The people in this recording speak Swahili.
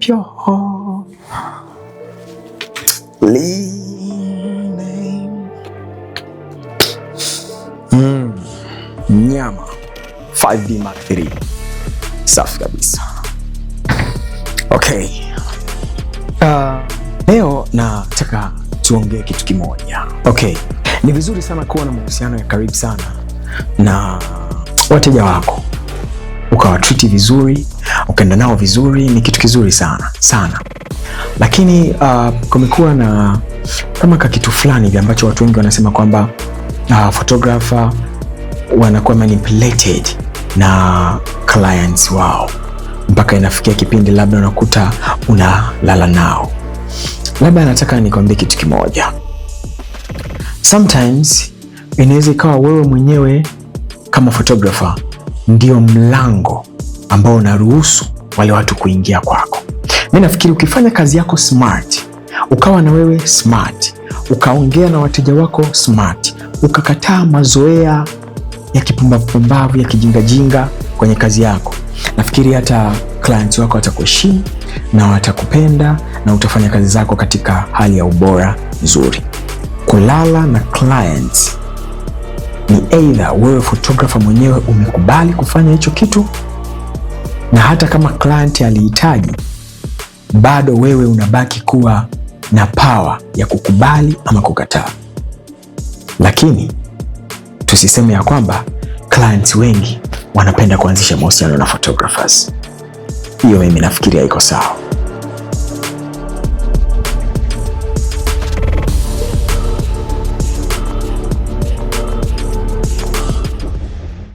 pure. Mm. Nyama 5D Mark 3 safi kabisa. Okay. Uh, leo nataka tuongee kitu kimoja. Okay. Ni vizuri sana kuwa na mahusiano ya karibu sana na wateja wako ukawatriti vizuri ukaenda nao vizuri, ni kitu kizuri sana sana. Lakini uh, kumekuwa na kama ka kitu fulani hivi ambacho watu wengi wanasema kwamba uh, photographer wanakuwa manipulated na clients wao mpaka inafikia kipindi labda unakuta unalala nao. Labda nataka nikwambie kitu kimoja, sometimes inaweza ikawa wewe mwenyewe kama photographer ndio mlango ambao unaruhusu wale watu kuingia kwako. Mimi nafikiri ukifanya kazi yako smart, ukawa na wewe smart, ukaongea na wateja wako smart, ukakataa mazoea ya kipumbavupumbavu ya kijingajinga kwenye kazi yako, nafikiri hata clients wako watakuheshimu na watakupenda na utafanya kazi zako katika hali ya ubora nzuri. Kulala na clients ni either wewe photographer mwenyewe umekubali kufanya hicho kitu na hata kama client alihitaji, bado wewe unabaki kuwa na power ya kukubali ama kukataa. Lakini tusiseme ya kwamba clients wengi wanapenda kuanzisha mahusiano na photographers. Hiyo mimi nafikiria iko sawa.